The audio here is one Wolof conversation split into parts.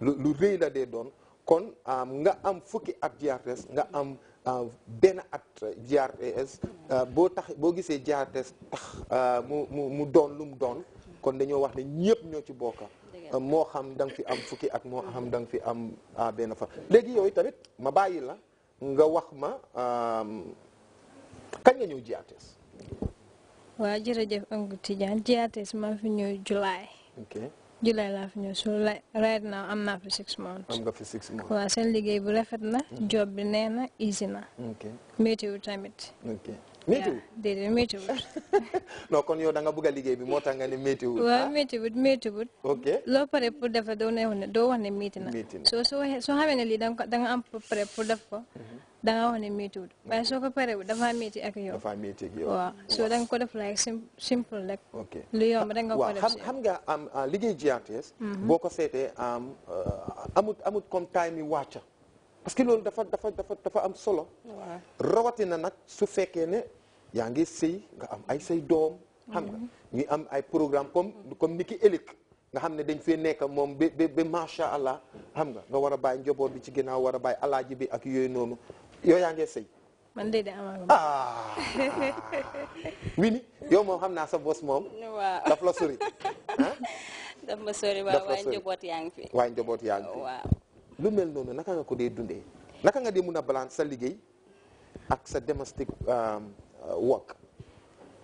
lu rëy la dee doon kon nga am fukki at GRTS nga am benn at GRTS euh, boo tax boo gisee GRTS tax euh, mu doon lu mu doon kon dañoo wax ne ñëpp ñoo ci bokka euh, moo xam da nga fi am fukki at moo xam da nga fi am ah, benn fa léegi yooyu tamit ma bàyyi la nga wax ma kañ nga ñëw GRTS waa jërëjëf Angou Tidiane GRTS maa fi ñëw July July laa fi ñëw so right now am naa fi six months. nga fi six waaw seen liggéey bu rafet na. Mm. job bi nee na easy na. ok météo tamit. métiwul déedéet métiwul non kon yow da nga liggéey bi moo tax nga ne métiwul waaw métiwul métiwul ok loo pare pour def la doo ne wax ne doo wax soo da da nga am pare pour def ko mhm. da nga wax ne métiwul dafa métti ak yow soo da ko def like simple rek ok lu yomb da nga ko def xam nga am ah, liggéey GRTS mhm. boo ko seetee am ah, amut amut comme time yi wàcca parce que loolu dafa dafa dafa dafa am solo rawatina nag su fekkee ne yaa ngi sëy nga am ay say doom xam nga ñuy am ay programme comme comme ni ki ëllëg nga xam ne dañ fee nekk moom ba ba ba allah xam nga nga war a bàyyi njaboot bi ci ginnaaw war a bàyyi alaaji bi ak yooyu noonu yooyu yaa ngi sëy man ah. xam naa sa bos moom. waaw daf la sori. daf ma sori waaye njaboot yaa ngi fi. waaye njaboot yaa ngi fi lu mel noonu naka nga ko dee dundee naka nga dee mun a balance sa liggéey ak sa domestique euh, Uh, work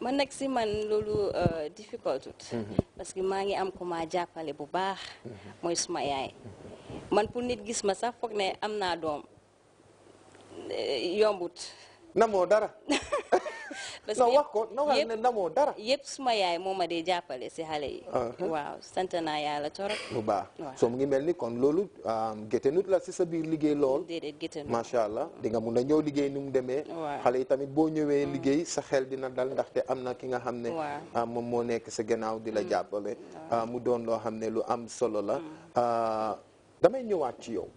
ma nekk si man loolu uh, difficult mhm. parce que maa ngi am ku maa jàppale bu baax mhm. mooy suma yaay man pour nit gis ma sax foog ne am naa doom eh, yombut namoo dara non wax ko na nga ne namoo dara yëpp suma yaay moo ma dee jàppale si xale yi uh-huh. waaw sant naa yàlla torop bu baax soo mu ngi mel ni kon loolu um, géttanut la si sa biir liggéey lool déedéet allah di nga mun a ñëw liggéey nu mu demee xale yi tamit boo ñëwee mm. liggéey sa xel dina dal ndaxte am na ki nga xam ne uh, moom moo nekk sa gannaaw di la mm. jàppale uh, mu doon loo xam ne lu am solo la mm. uh, damay ñëwaat ci yow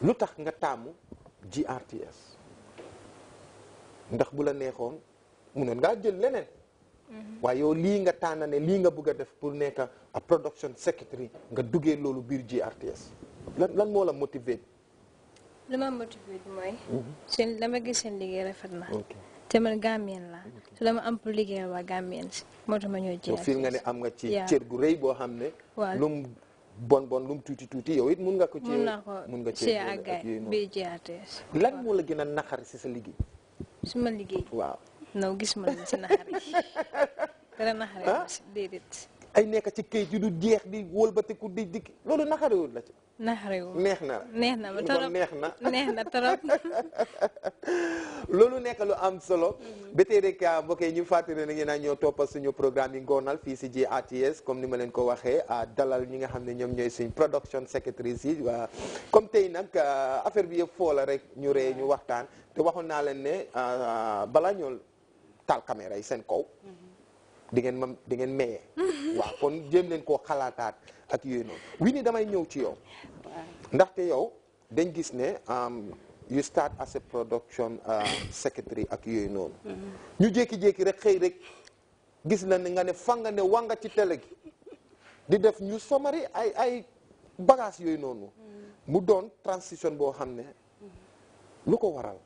lu tax nga taamu GRTS ndax bu la neexoon munoon ngaa jël leneen waaye yow lii nga tànnane lii nga bëgg a def pour nekk a production secretary nga duggee loolu biir GRTS lan lan moo la motivé lu ma motivé mooy mhm. seen dama gis seen liggéey rafet na te man gambien la te dama am pour liggéey waa gambien si moo tax ma ñëw GRTS fii nga ne am nga ci cër gu rëy boo xam ne lum bon bon lum tuuti tuuti yow it mun nga ko ci mun nga ci ak yooyu bi lan moo la gën a naqari si sa liggéey suma liggéey. waaw non gis ma si naxari. dara naxari ah. ma si déedéet. ay nekk ci këyit yu du jeex di wëlbatiku di dikki loolu naxariwul la ci. neex na neex na torop neex na neex na loolu nekk lu am solo mhm. ba tey rek ah, mbokk yi ñu fàttali na ngeen a ñoo toppa suñu programme yi ngoonal fii si GRTS comme ni ma leen ko waxee ah, dalal ñi nga xam ne ñoom ñooy suñ production secretaries yi comme tey nag ah, affaire bi yëpp foo rek ñu ree ñu waxtaan te waxoon naa leen ne balaa ñoo taal caméra yi seen kaw mhm. di ngeen mam di ngeen maye. waaw kon jéem leen koo xalaataat ak yooyu noonu wi ni damay ñëw ci yow. ndaxte yow dañ gis ne um, you start as a production uh, secretary ak yooyu noonu. Mm-hmm. ñu jékki-jékki rek xëy rek gis la ne nga ne fan nga ne wanga ci télé gi di def ñu somari ay ay bagage yooyu noonu. Mm-hmm. mu doon transition boo xam ne lu ko waral.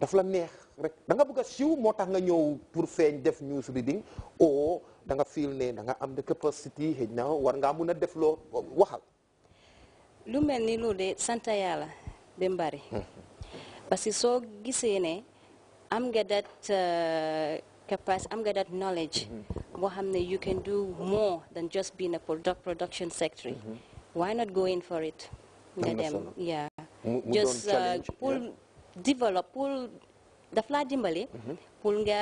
daf la neex rek da nga bëgg a siiw moo tax nga ñëw pour feeñ def news reading oo da nga fiil ne da nga am the capacity xëy war nga mun a def loo waxal. lu mel ni loolu de sant yàlla ba mbari hmm. parce que soo gisee ne am nga dat uh, capacity am nga dat knowledge. Hmm. boo xam ne you can do more than just being a product production secretary. Hmm. why not go for it. nga dem yeah just uh, pull develop pour daf laa dimbali. pour nga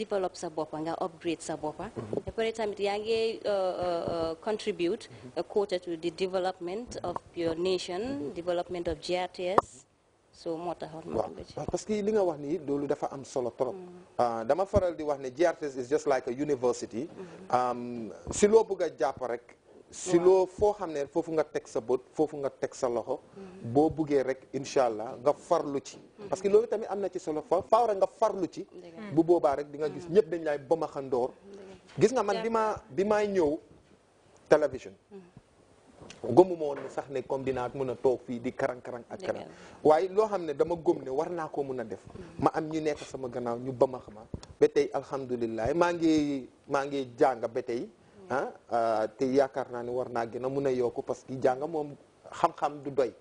develop sa bop nga upgrade sa bopp. ba pare tamit yaa ngi contribute mm-hmm. a quarter to the development of your nation mm-hmm. development of GRTS. so moo taxoon ma waaw parce que li nga wax nii loolu dafa am solo trop. Mm. Ah, dama faral di wax ni GRTS is just like a university. Mm-hmm. Um, si lo bëgg japp rek. si loo foo xam ne foofu nga teg sa bët foofu nga teg sa loxo mhm. boo buggee rek incha allah nga farlu ci mhm. parce que loolu tamit am na ci solo fa faaw rek nga farlu ci bu boobaa rek di nga gis mhm. ñëpp dañ laay bama gis nga man bi ma bi maay ñëw télévision gëmu ma woon ne sax ne comme dinaa mën a toog fii di karang karang ak karang waaye loo xam ne dama gëm ne war naa koo mën a def ma am ñu nekk sama gannaaw ñu bamax ma ba tey alhamdulilah maa ngi maa ngi jàng ba tey Ah, te yaakaar naa ni war naa gën a mun a yokku parce que jàng moom xam-xam du doy.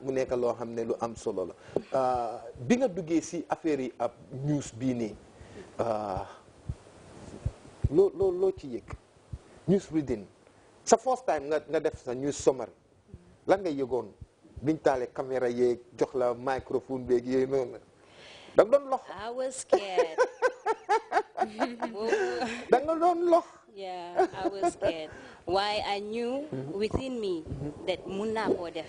mu nekk loo xam ne lu am solo la. Ah, bi nga duggee si affaire yi ab news bii nii ah, loo loo loo ci yëg news reading sa first time nga nga def sa news summary lan nga yëgoon biñ taalee caméra yeeg jox la microphone beeg yooyu noonu. da nga doon lox. I was scared. da nga doon lox. Yeah, I was scared. Why I knew within me that muna ko def.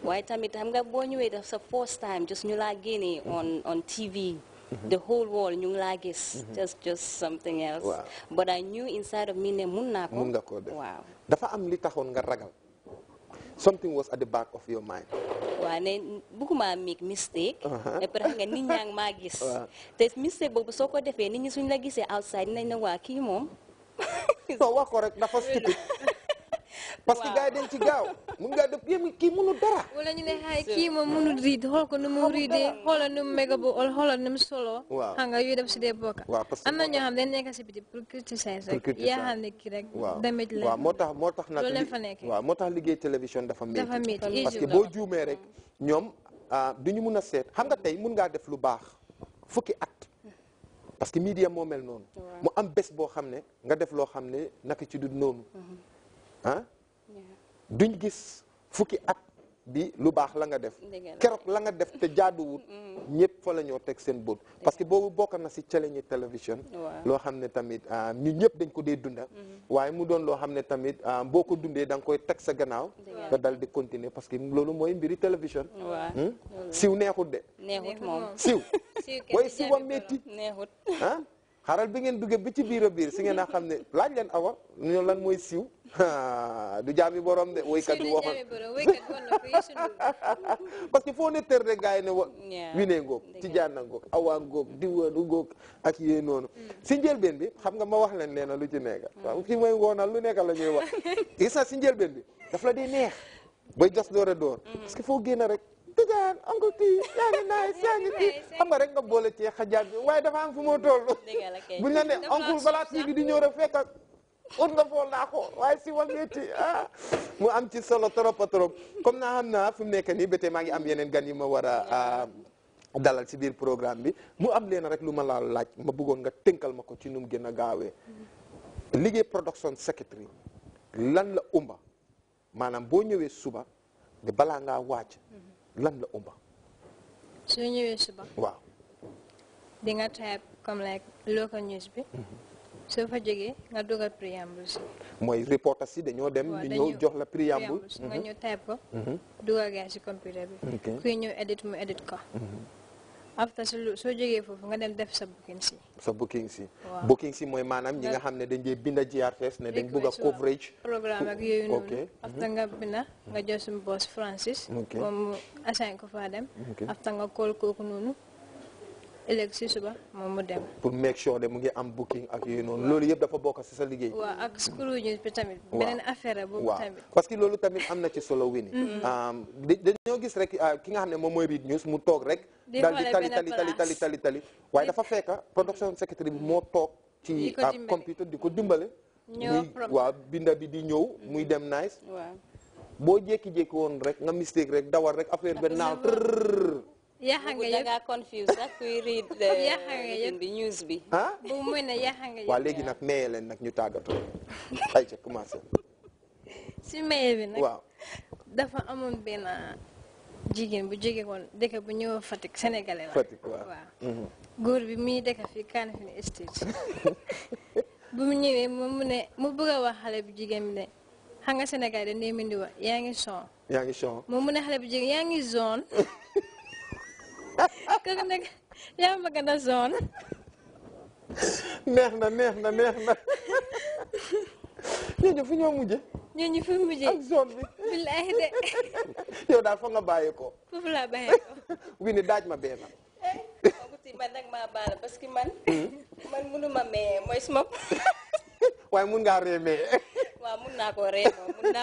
Why time tamit xam nga boo ñëwee def sa first time just new lagi ni on on TV. Mm-hmm. The whole world new lagi. Mm-hmm. Just just something else. But I knew inside of me ne Muna naa ko. mun nga dafa am li taxoon garagal. something was at the back of your mind. waaw ne bëgguma make mistake. Uh-huh. après xam nga nit ñaa ngi mistake boobu soo ko defee nit ñi suñ la gisee outside na ne waa kii moom. non wax ko rek dafa stupide parce que gars yi dañ ci gaaw mun ngaa dëpp yéen kii mënu dara wala ñu ne xaay kii moom mënu riid xool ko nu mu riidee xoolal nu mu méga bu ol xoolal nu mu solo waaw xam nga yooyu def si dee bokka am na ñoo xam dañ nekk si biti pour criticiser rek yaa xam ne kii rek damit la waaw moo tax moo tax nag loolu fa nekk waaw moo tax liggéey télévision dafa métti dafa métti parce que boo juumee rek ñoom ah, du ñu mun a seet xam nga tey mun ngaa def lu baax fukki at parce que media moo mel noonu. mu am bés boo xam ne nga def loo xam ne naka ci du noonu. ah duñ gis fukki at bi lu baax la nga def keroog la nga def te jaaduwut mm. ñëpp fa la ñoo teg seen bët parce que boobu bokk na si challenge télévision loo xam ne tamit ah, ñu ñëpp dañ ko dee dunda mm-hmm. waaye mu doon loo xam ne tamit ah, boo ko dundee da nga koy teg sa gannaaw nga dal di continuer parce que loolu mooy mbiri télévision hmm? siw neexut de neexut moom siw way siwa ah xaaral bi ngeen duggee bi ci biir a biir si ngeen a xam ne laaj leen awa ñu lan mooy siiw du jaami boroom de woykat bi waxoon parce que foo ne tër rek gars yi ne wa winee ngoog ci jaana ngoog awa ngoog diwaanu ngoog ak yee noonu mm. si njëlbeen bi xam nga ma wax leen leena lu ci nekk mm. waaw fi mooy ngoonal lu nekk la ñuy wax gis na si njëlbeen bi daf la di neex bay jos door a mm. parce que foo génn rek tijaan oncle ti yaa ngi nice yaa ngi kii xam nga rek nga boole ci xajaat bi waaye dafa am fu ma buñ la di ñëw rek fekk ak ut nga foo laaxoo waaye si wal metti ah mu am ci solo trop trop comme naa xam naa fu mu nekk nii ba tey maa ngi am yeneen gan yi ma ah, dalal programme bi mu am leen rek luma ma laaj ma bëggoon nga tënkal ma ko ci nu mu production secretary lan la umba maanaam boo ñëwee suba balaa ngaa wàcc mhm. lan la ëmba. soo ñëwee suba. waaw. di nga type comme like local news bi. Mhm. soo fa jógee nga dugal préambule si. mooy reporter si dañoo dem. ñu ñëw jox la préambule. nga mhm. ñëw type ko. Mhm. dugal gaa si computer bi. kuy ñëw edit mu edit ko. after soo jógee foofu nga dem def sa booking si. sa booking si. waaw si mooy maanaam ñi nga xam ne dañ dee binda GRTS ne dañ bugg a coverage. programme ak yooyu noonu. Mhm. after nga binda nga jox suñu boss Francis. moom a ko faa dem. after nga call kooku noonu. ëllëg si suba moom mu dem. pour make sure ne mu ngi am booking ak yooyu noonu. loolu yëpp dafa bokk si sa liggéey. waaw ak screw news bi tamit. beneen affaire boobu tamit. parce que loolu tamit am na ci solo wini. Mm-hmm. Um, dañoo gis rek ah, ki nga xam ne moom mooy read news mu toog rek. di xool tali tali tali tali tali waaye dafa fekk production secretary bi moo toog. ci computer di ko dimbale. ñoo binda bi di ñëw muy dem nice. waaw boo jékki-jékki woon rek nga mistake rek dawal rek affaire yaxanga yëpp da ngaa confuse sax kuy read bi. ah bu nag maye leen nag ñu tàggatoo ayca commencé. dafa amoon benn jigéen bu jóge woon dëkk bu ñëw Fatick sénégalais la. Mhm. góor bi muy dëkk fii Kanifing ñëwee mu ne bëgg wax xale bu jigéen bi nga Sénégal dañ dee mindi yaa ngi son. yaa ngi son moom mu ne xale bu jigéen yaa ngi zone. yaa ma gën a zone neex na meex na meex na ñooñu fu ñoo mujje ñooñu fu mujje ak zone bi billahi de yow daal foog nga bàyyi ko foofu laa bàyyi ko wi daaj ma benn eh, man nag maa baal parce que man hmm? man mënuma mee mooy suma waaye mun ngaa ree mee waaw mun naa ko ree moom